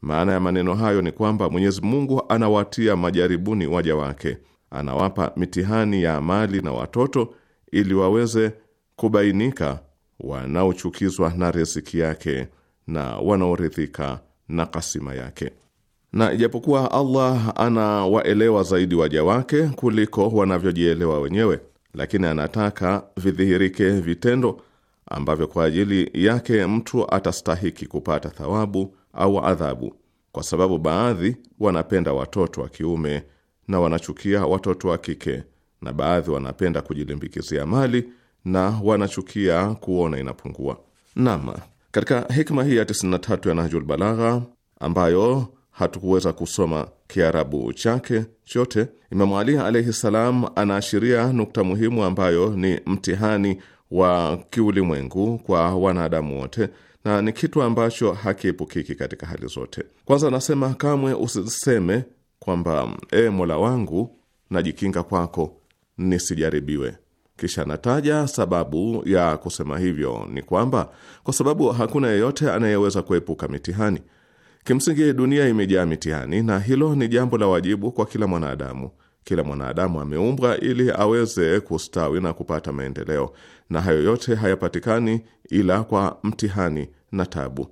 Maana ya maneno hayo ni kwamba Mwenyezi Mungu anawatia majaribuni waja wake, anawapa mitihani ya mali na watoto ili waweze kubainika wanaochukizwa na riziki yake na wanaoridhika na kasima yake. Na ijapokuwa Allah anawaelewa zaidi waja wake kuliko wanavyojielewa wenyewe lakini anataka vidhihirike vitendo ambavyo kwa ajili yake mtu atastahiki kupata thawabu au adhabu, kwa sababu baadhi wanapenda watoto wa kiume na wanachukia watoto wa kike, na baadhi wanapenda kujilimbikizia mali na wanachukia kuona inapungua. Naam, katika hikma hii ya 93 ya Nahjul Balagha ambayo hatukuweza kusoma Kiarabu chake chote. Imamu Ali alaihi salam anaashiria nukta muhimu ambayo ni mtihani wa kiulimwengu kwa wanadamu wote na ni kitu ambacho hakiepukiki katika hali zote. Kwanza anasema kamwe usiseme kwamba e, Mola wangu najikinga kwako nisijaribiwe. Kisha anataja sababu ya kusema hivyo ni kwamba kwa sababu hakuna yeyote anayeweza kuepuka mitihani. Kimsingi, dunia imejaa mitihani na hilo ni jambo la wajibu kwa kila mwanadamu. Kila mwanadamu ameumbwa ili aweze kustawi na kupata maendeleo, na hayo yote hayapatikani ila kwa mtihani na tabu.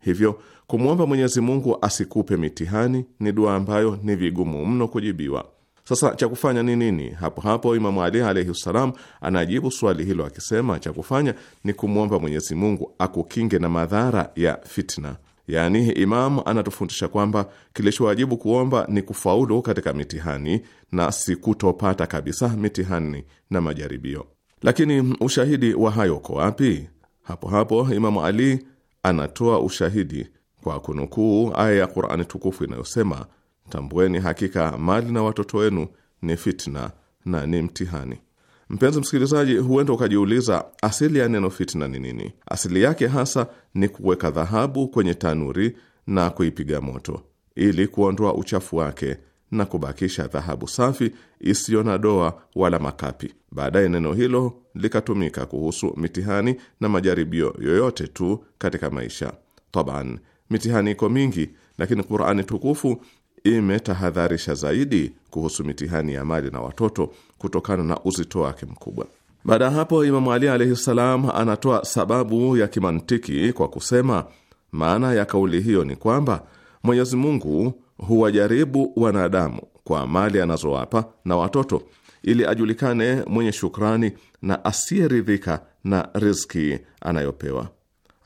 Hivyo kumwomba Mwenyezi Mungu asikupe mitihani ni dua ambayo ni vigumu mno kujibiwa. Sasa cha kufanya ni nini? Hapo hapo Imamu Ali alaihi ssalam anajibu swali hilo akisema, cha kufanya ni kumwomba Mwenyezi Mungu akukinge na madhara ya fitna Yaani, Imam anatufundisha kwamba kilichowajibu kuomba ni kufaulu katika mitihani na si kutopata kabisa mitihani na majaribio. Lakini ushahidi wa hayo uko wapi? Hapo hapo Imamu Ali anatoa ushahidi kwa kunukuu aya ya Qur'ani tukufu inayosema, tambueni hakika mali na watoto wenu ni fitna na ni mtihani. Mpenzi msikilizaji, huenda ukajiuliza asili ya neno fitna ni nini? Asili yake hasa ni kuweka dhahabu kwenye tanuri na kuipiga moto ili kuondoa uchafu wake na kubakisha dhahabu safi isiyo na doa wala makapi. Baadaye neno hilo likatumika kuhusu mitihani na majaribio yoyote tu katika maisha. Taban, mitihani iko mingi, lakini Qur'ani tukufu imetahadharisha zaidi kuhusu mitihani ya mali na watoto kutokana na uzito wake mkubwa. Baada ya hapo, Imamu Ali alaihi ssalam anatoa sababu ya kimantiki kwa kusema, maana ya kauli hiyo ni kwamba Mwenyezi Mungu huwajaribu wanadamu kwa mali anazowapa na watoto ili ajulikane mwenye shukrani na asiyeridhika na riziki anayopewa.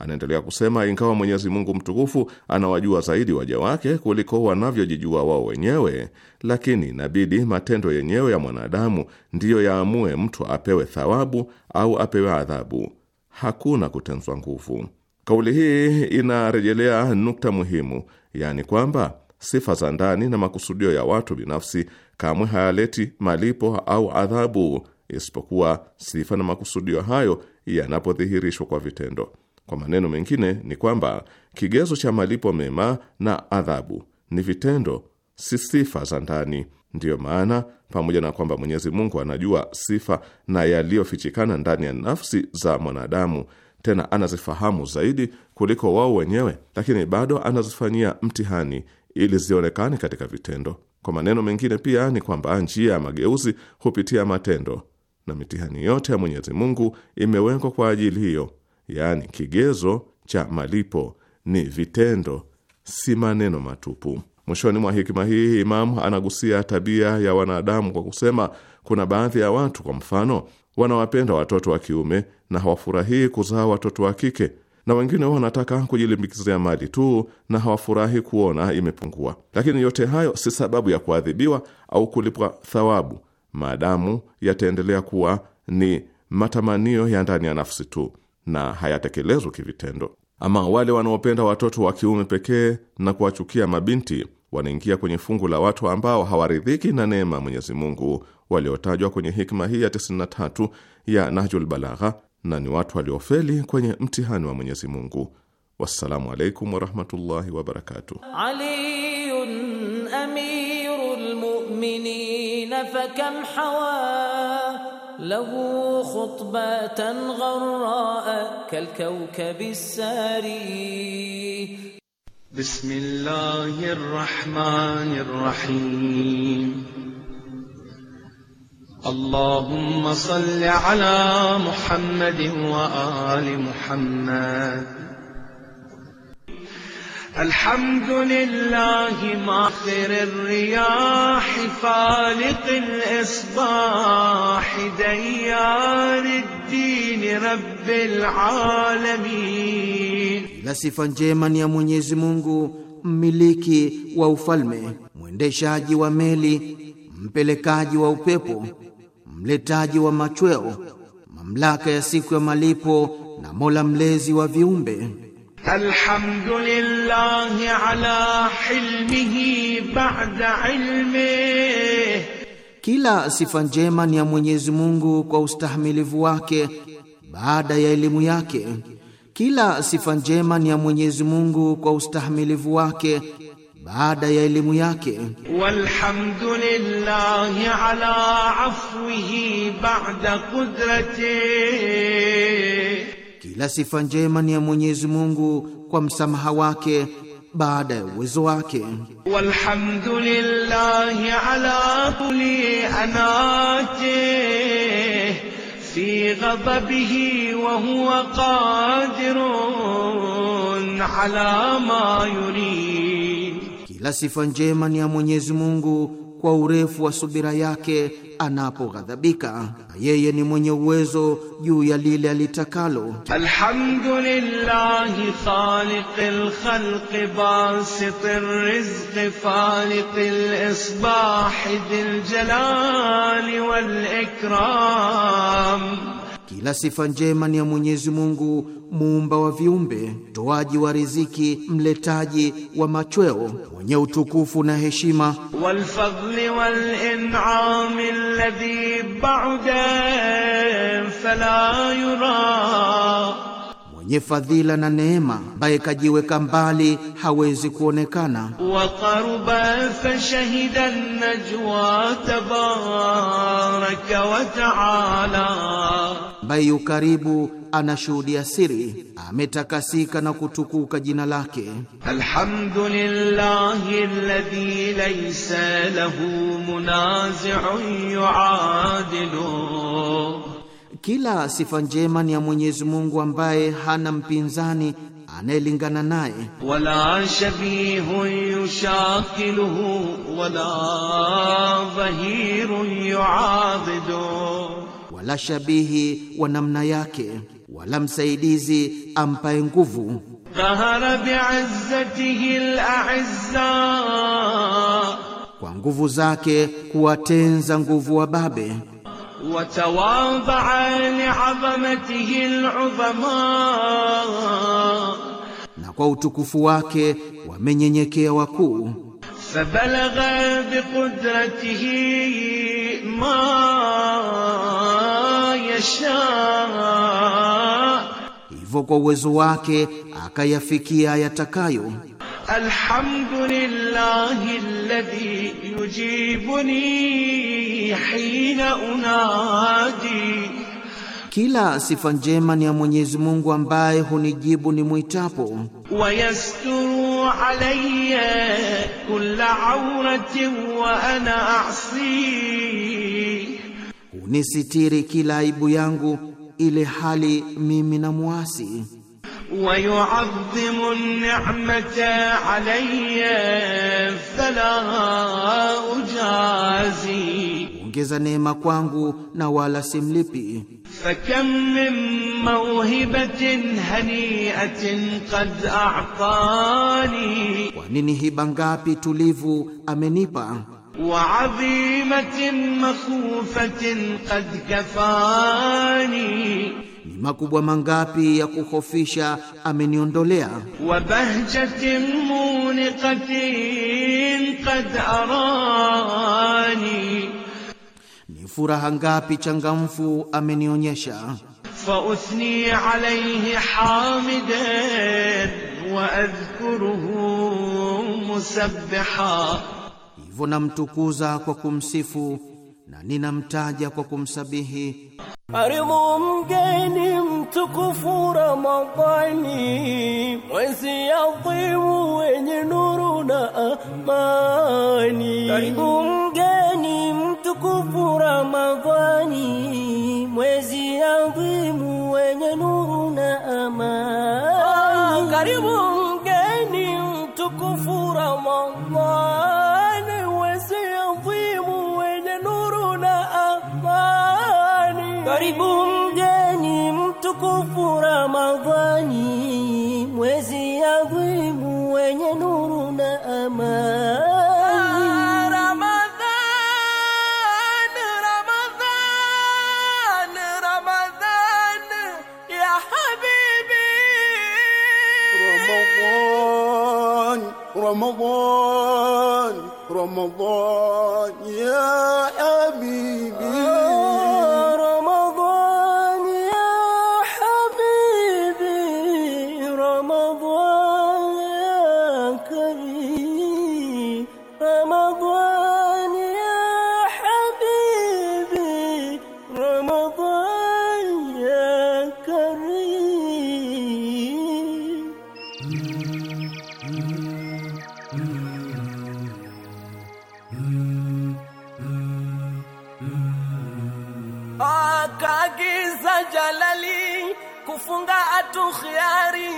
Anaendelea kusema ingawa Mwenyezi Mungu mtukufu anawajua zaidi waja wake kuliko wanavyojijua wao wenyewe, lakini inabidi matendo yenyewe ya mwanadamu ndiyo yaamue mtu apewe thawabu au apewe adhabu. Hakuna kutenzwa nguvu. Kauli hii inarejelea nukta muhimu, yaani kwamba sifa za ndani na makusudio ya watu binafsi kamwe hayaleti malipo au adhabu, isipokuwa sifa na makusudio hayo yanapodhihirishwa kwa vitendo. Kwa maneno mengine ni kwamba kigezo cha malipo mema na adhabu ni vitendo, si sifa za ndani. Ndiyo maana pamoja na kwamba Mwenyezi Mungu anajua sifa na yaliyofichikana ndani ya nafsi za mwanadamu, tena anazifahamu zaidi kuliko wao wenyewe, lakini bado anazifanyia mtihani ili zionekane katika vitendo. Kwa maneno mengine pia ni kwamba njia ya mageuzi hupitia matendo, na mitihani yote ya Mwenyezi Mungu imewekwa kwa ajili hiyo yaani kigezo cha malipo ni vitendo, si maneno matupu. Mwishoni mwa hikima hii, Imamu anagusia tabia ya wanadamu kwa kusema, kuna baadhi ya watu, kwa mfano, wanawapenda watoto wa kiume na hawafurahii kuzaa watoto wa kike na wengine wanataka kujilimbikizia mali tu na hawafurahi kuona imepungua. Lakini yote hayo si sababu ya kuadhibiwa au kulipwa thawabu, maadamu yataendelea kuwa ni matamanio ya ndani ya nafsi tu na hayatekelezwi kivitendo. Ama wale wanaopenda watoto wa kiume pekee na kuwachukia mabinti wanaingia kwenye fungu la watu ambao hawaridhiki na neema Mwenyezi Mungu waliotajwa kwenye hikma hii ya 93 ya Nahjul Balagha, na ni watu waliofeli kwenye mtihani wa Mwenyezi Mungu. Wassalamu alaikum warahmatullahi wabarakatuh. Aliyun amirul mu'minin fakam hawa له خطبة غراء كالكوكب الساري بسم الله الرحمن الرحيم اللهم صل على محمد وآل محمد الحمد لله ماخر الرياح فالق الإصباح ديار الدين رب العالمين ila sifa njema ni ya mmiliki wa ufalme mwendeshaji wa meli mpelekaji wa upepo mletaji wa machweo mamlaka ya siku ya malipo na mola mlezi wa viumbe الحمد لله على حلمه بعد علمه kila sifa njema ni ya Mwenyezi Mungu kwa ustahimilivu wake baada ya elimu yake. Kila sifa njema ni ya Mwenyezi Mungu kwa ustahimilivu wake baada ya elimu yake. Walhamdulillahi ala afwihi ba'da qudratihi kila sifa njema ni ya Mwenyezi Mungu kwa msamaha wake baada ya uwezo wake. Walhamdulillahi ala kulli anati fi ghadabihi wa huwa qadirun ala ma yuri, Kila sifa njema ni ya Mwenyezi Mungu kwa urefu wa subira yake anapoghadhabika. Yeye ni mwenye uwezo juu ya lile alitakalo. Alhamdulillahi khaliqil khalqi basitir rizqi faliqil isbahi dhil jalali wal ikram Kila sifa njema ni ya Mwenyezi Mungu, muumba wa viumbe, toaji wa riziki, mletaji wa machweo, mwenye utukufu na heshima. wal fadli wal in'am alladhi ba'da fala yura mwenye fadhila na neema, ambaye kajiweka mbali hawezi kuonekana. wa qaruba fa shahida najwa tabarak wa taala, ambaye yu karibu anashuhudia siri, ametakasika na kutukuka jina lake. Alhamdulillahi alladhi laysa lahu munazi'un yu'adilu kila sifa njema ni ya Mwenyezi Mungu ambaye hana mpinzani anayelingana naye. wala shabihu yushakiluhu wala dhahiru yuadidu, wala shabihi wa namna yake, wala msaidizi ampae nguvu. dhahara bi'izzatihi al-a'izza, kwa nguvu zake kuwatenza nguvu wa babe وتواضع لعظمته العظماء na kwa utukufu wake wamenyenyekea wakuu fabalagha biqudratihi ma yasha hivyo kwa uwezo wake akayafikia yatakayo الحمد لله الذي يجيبني حين unadi, kila sifa njema ni ya Mwenyezi Mungu ambaye hunijibu ni mwitapo. wayasturu alayya kulla auratin wa ana asi, hunisitiri kila aibu yangu ile hali mimi na muasi. ويعظم النعمة علي فلا أجازي ongeza neema kwangu na wala simlipi. fakam min mawhibatin haniatin qad a'tani, kwa nini hiba ngapi tulivu amenipa wa azimatin makhufatin qad kafani makubwa mangapi ya kuhofisha ameniondolea. wa bahjatin muniqatin qad arani, ni furaha ngapi changamfu amenionyesha. fa usni alayhi hamidan wa adhkuruhu musabbaha, hivyo namtukuza kwa kumsifu na ninamtaja kwa kumsabihi. Karibu mgeni mtukufu Ramadhani, mwezi adhimu wenye nuru na amani. Karibu mgeni mtukufu Ramadhani, mwezi adhimu wenye nuru na amani. Karibu mgeni mtukufu Ramadhani karibu mjeni mtukufu Ramadhani, mwezi adhimu wenye nuru na amani. Ah, ya habibi, Ramadhan, Ramadhan, Ramadhan Akagiza Jalali kufunga atu khiari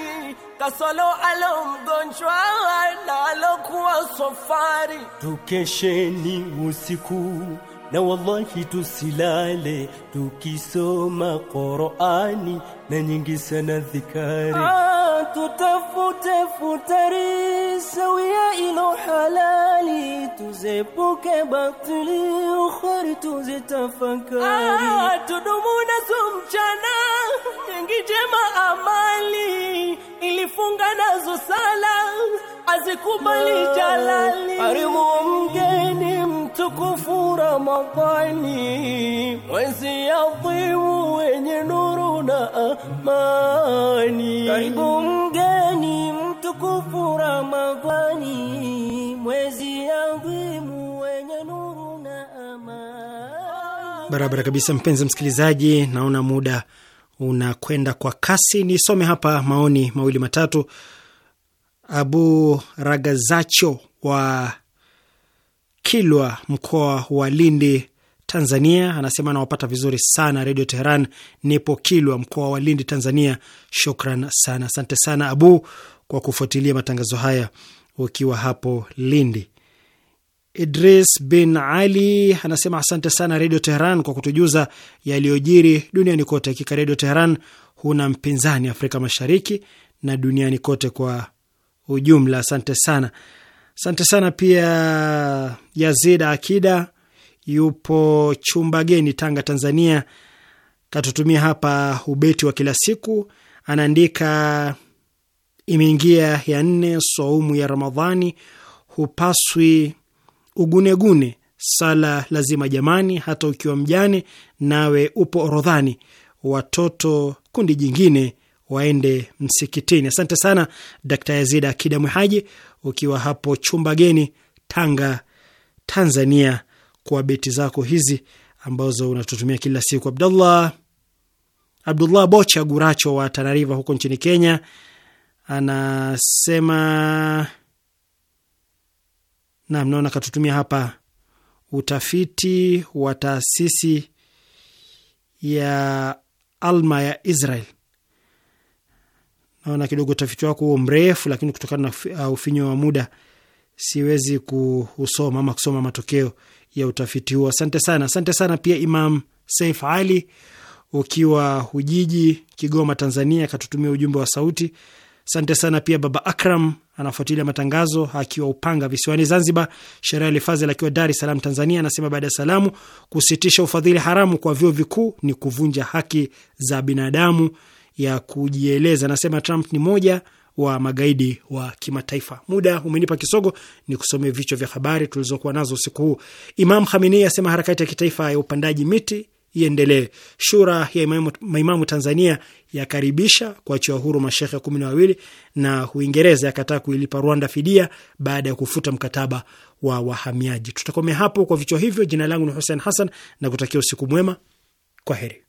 kasolo alo mgonjwa na alokuwa sofari, tukesheni usiku na wallahi, tusilale tukisoma Qur'ani na nyingi sana dhikari. Ah, tutafute futari sawia ilo halali, tuzepuke batili ukhari, tuzitafakari. Ah, tudumu nazo mchana nyingi jema amali ilifunga nazo sala azikubali ah, jalali arimu mgeni mtukufu Ramadhani, mwezi adhimu wenye nuru na amani. Karibu mgeni mtukufu Ramadhani, mwezi adhimu wenye nuru na amani. Barabara kabisa, mpenzi msikilizaji, naona muda unakwenda kwa kasi. Nisome hapa maoni mawili matatu. Abu Ragazacho wa Kilwa, mkoa wa Lindi, Tanzania. Anasema anawapata vizuri sana Redio Teheran, nipo Kilwa, mkoa wa Lindi, Tanzania. Shukran sana, asante sana Abu kwa kufuatilia matangazo haya ukiwa hapo Lindi. Idris bin Ali anasema asante sana Redio Teheran kwa kutujuza yaliyojiri duniani kote. Hakika Redio Teheran huna mpinzani Afrika Mashariki na duniani kote kwa ujumla. Asante sana. Asante sana pia yazid Akida yupo chumba geni Tanga, Tanzania, katutumia hapa ubeti wa kila siku, anaandika imeingia ya nne, saumu ya Ramadhani, hupaswi ugunegune, sala lazima jamani, hata ukiwa mjane nawe upo orodhani, watoto kundi jingine waende msikitini. Asante sana Dkt yazid Akida Mwehaji ukiwa hapo chumba geni Tanga, Tanzania, kwa beti zako hizi ambazo unatutumia kila siku. Abdullah Abdullah Bocha Guracho wa Tanariva huko nchini Kenya anasema nam, naona katutumia hapa utafiti wa taasisi ya Alma ya Israel Naona kidogo utafiti wako huo mrefu, lakini kutokana na uh, ufinyo wa muda siwezi kuusoma ama kusoma matokeo ya utafiti huo. Asante sana, asante sana pia Imam Saif Ali ukiwa Ujiji, Kigoma, Tanzania, akatutumia ujumbe wa sauti. Asante sana pia Baba Akram anafuatilia matangazo akiwa Upanga visiwani Zanzibar. Sherehe Fazil akiwa Dar es Salaam Tanzania anasema baada ya salamu, kusitisha ufadhili haramu kwa vyuo vikuu ni kuvunja haki za binadamu ya kujieleza. Anasema Trump ni moja wa magaidi wa kimataifa. Muda umenipa kisogo, ni kusomea vichwa vya habari tulizokuwa nazo usiku huu. Imam Khamenei asema harakati ya kitaifa ya upandaji miti iendelee. Shura ya imamu, maimamu Tanzania yakaribisha kuachiwa huru mashehe kumi na wawili na Uingereza yakataa kuilipa Rwanda fidia baada ya kufuta mkataba wa wahamiaji. Tutakomea hapo kwa vichwa hivyo. Jina langu ni Hussein Hassan na kutakia usiku mwema. Kwa heri.